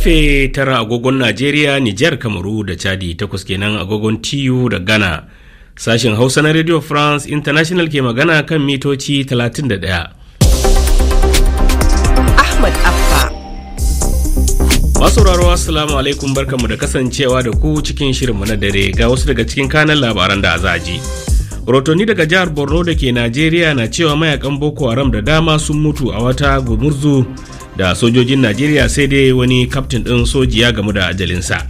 karfe tara agogon Najeriya, Nijar, Kamaru da Chadi takwas kenan agogon TU da Ghana. Sashen Hausa na Radio France International ke magana kan mitoci 31. Ahmad Abba. Masauraro Assalamu alaikum barkanmu da kasancewa da ku cikin shirinmu na dare ga wasu daga cikin kanan labaran da a ji. Rotoni daga jihar Borno da ke Najeriya na cewa mayakan Boko Haram da dama sun mutu a wata gumurzu da sojojin Najeriya sai dai wani kaftin ɗin soji ya gamu da ajalinsa.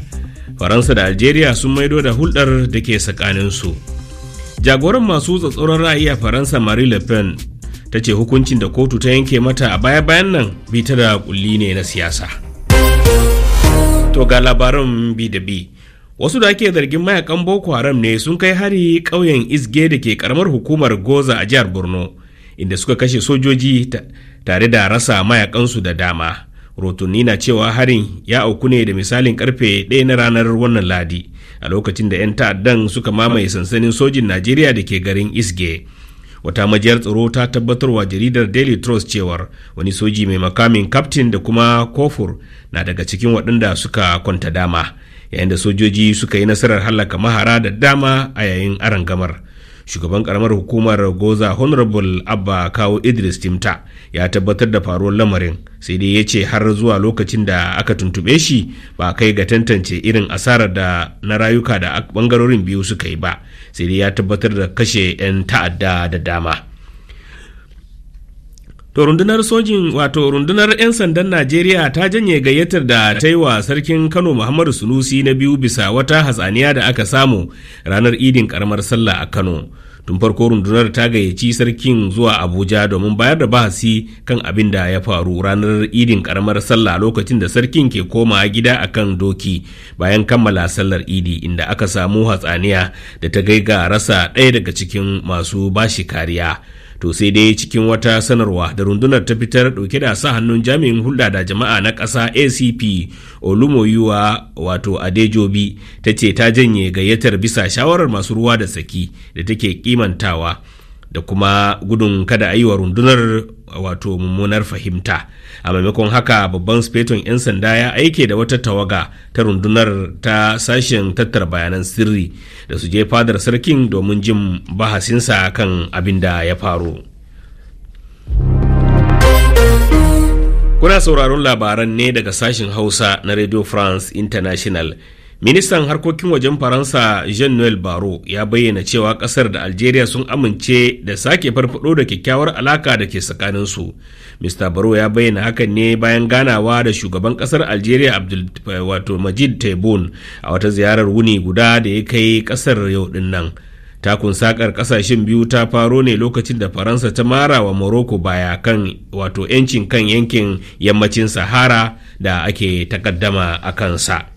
Faransa da Algeria sun maido da hulɗar da ke tsakaninsu. Jagoran masu tsatsauran ra'ayi a Faransa Marie Le Pen ta ce hukuncin da kotu ta yanke mata a baya-bayan nan bi ta da kulli ne na siyasa. To ga labaran bi da bi. wasu da ake zargin mayakan boko haram ne sun kai hari ƙauyen isge da ke karamar hukumar goza a jihar borno inda suka kashe sojoji tare da rasa mayakansu da dama rotuni na cewa harin ya auku ne da misalin karfe ɗaya na ranar wannan ladi a lokacin da 'yan ta'addan suka mamaye sansanin sojin najeriya da ke garin isge wata majiyar tsaro ta tabbatarwa jaridar daily trust cewar wani soji mai makamin kaftin da kuma kofur na daga cikin waɗanda suka kwanta dama yayin da sojoji suka yi nasarar hallaka mahara da dama a yayin gamar shugaban karamar hukumar goza honorable abba kawo idris timta ya tabbatar da faruwar lamarin sai dai ya ce har zuwa lokacin da aka tuntube shi ba kai ga tantance irin asarar da na rayuka da bangarorin biyu suka yi ba sai dai ya tabbatar da kashe 'yan ta'adda da dama To rundunar sojin wato rundunar 'yan sandan Najeriya ta janye gayyatar da ta yi wa sarkin Kano Muhammadu Sunusi na biyu bisa wata hatsaniya da aka samu ranar idin karamar sallah a Kano. Tun farko rundunar ta gayyaci sarkin zuwa Abuja domin bayar da bahasi kan abin da ya faru ranar idin karamar sallah lokacin da sarkin ke koma gida a kan doki bayan kammala sallar idi inda aka samu hatsaniya da ta gaiga rasa ɗaya daga cikin masu bashi kariya. to sai dai cikin wata sanarwa da rundunar ta fitar dauke da sa hannun jami'in hulɗa da jama'a na ƙasa acp olumoyuwa wato adejobi ta ce ta janye gayyatar bisa shawarar masu ruwa da tsaki da take kimantawa da kuma gudun kada a yi wa rundunar wato mummunar fahimta a maimakon haka babban speton 'yan sanda ya aike da wata tawaga ta rundunar ta sashen tattara bayanan sirri da su je fadar sarkin domin jin bahasinsa kan abin da ya faru kuna sauraron labaran ne daga sashen hausa na radio france international ministan harkokin wajen faransa jean noel baro ya bayyana cewa kasar da algeria sun amince da sake farfado da kyakkyawar alaka da ke tsakaninsu mr baro ya bayyana hakan ne bayan ganawa da shugaban kasar algeria abdul eh, wato majid tebboune a wata ziyarar wuni guda da ya kai kasar yau din nan takun sakar kasashen biyu ta faro ne lokacin da faransa ta mara wa morocco baya kan wato 'yancin kan yankin yammacin sahara da ake takaddama a kansa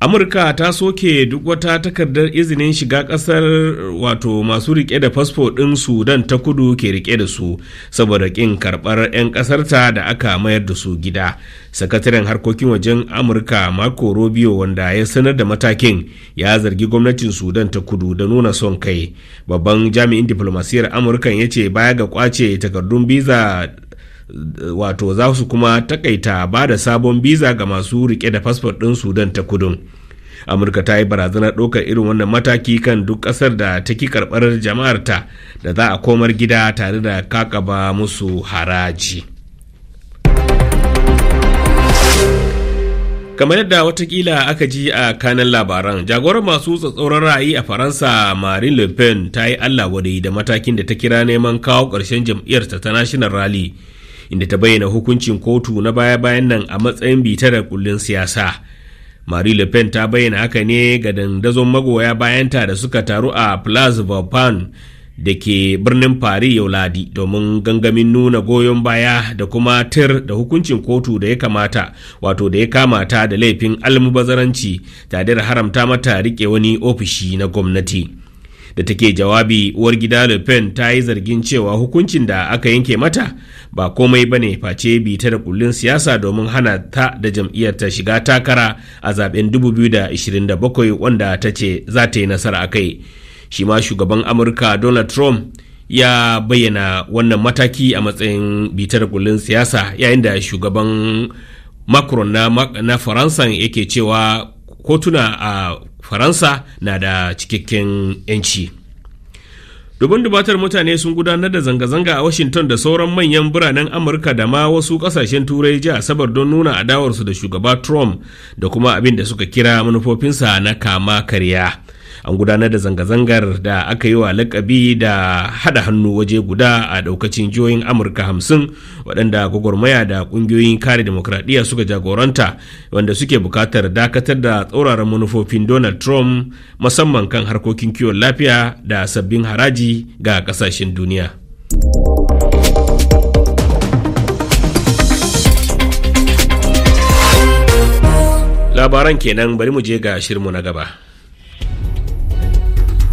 amurka ta soke duk wata takardar izinin shiga kasar wato masu rike da fasfo ɗin sudan ta kudu ke rike da su saboda ƙin karɓar 'yan ƙasarta da aka mayar da su gida sakataren harkokin wajen amurka marco rubio wanda ya sanar da matakin ya zargi gwamnatin sudan ta kudu da nuna son kai babban jami'in diflomasiyar amurkan ya ce baya ga kwace takardun biza wato za su kuma takaita ba da sabon biza ga masu rike da fasfot ɗin sudan ta kudun amurka ta yi barazanar ɗaukar irin wannan mataki kan duk ƙasar da ta ki karɓar jama'ar ta da za a komar gida tare da kakaba musu haraji kamar yadda watakila aka ji a kanan labaran jagorar masu tsatsauran ra'ayi a faransa marine le pen ta yi allah wadai da matakin da ta kira neman kawo ƙarshen jam'iyyarta ta national rally inda ta bayyana hukuncin kotu na baya-bayan nan a matsayin bitarar da kullun siyasa marie le pen ta bayyana haka ne ga dandazon magoya bayanta da suka taru a place vauban da ke birnin paris yau ladi domin gangamin nuna goyon baya da kuma tir da hukuncin kotu da ya kamata wato da ya kamata da laifin almubazaranci tare da haramta mata rike wani ofishi na gwamnati. da take jawabi uwar gida le pen ta yi zargin cewa hukuncin da aka yanke mata ba komai ba ne face bita da kullun siyasa domin hana ta da jam'iyyar ta shiga takara a zaben 2027 wanda ta ce za ta yi nasara a kai shi ma shugaban amurka donald trump ya bayyana wannan mataki a matsayin bitar kullun siyasa yayin da shugaban macron na, na faransa yake cewa kotuna a faransa na da cikakken 'yanci dubin dubatar mutane sun gudanar da zanga-zanga a washington da sauran manyan biranen amurka da ma wasu kasashen turai ji asabar don nuna adawarsu da shugaba trump da kuma abin da suka kira manufofinsa na kama karya an gudanar da zanga-zangar da aka yi wa lakabi da hada hannu waje guda a daukacin jihohin amurka hamsin waɗanda gwagwarmaya da ƙungiyoyin kare demokradiyya suka jagoranta wanda suke buƙatar dakatar da tsauraran manufofin donald trump musamman kan harkokin kiwon lafiya da sabbin haraji ga ƙasashen duniya. labaran kenan bari mu je ga shirmu na gaba.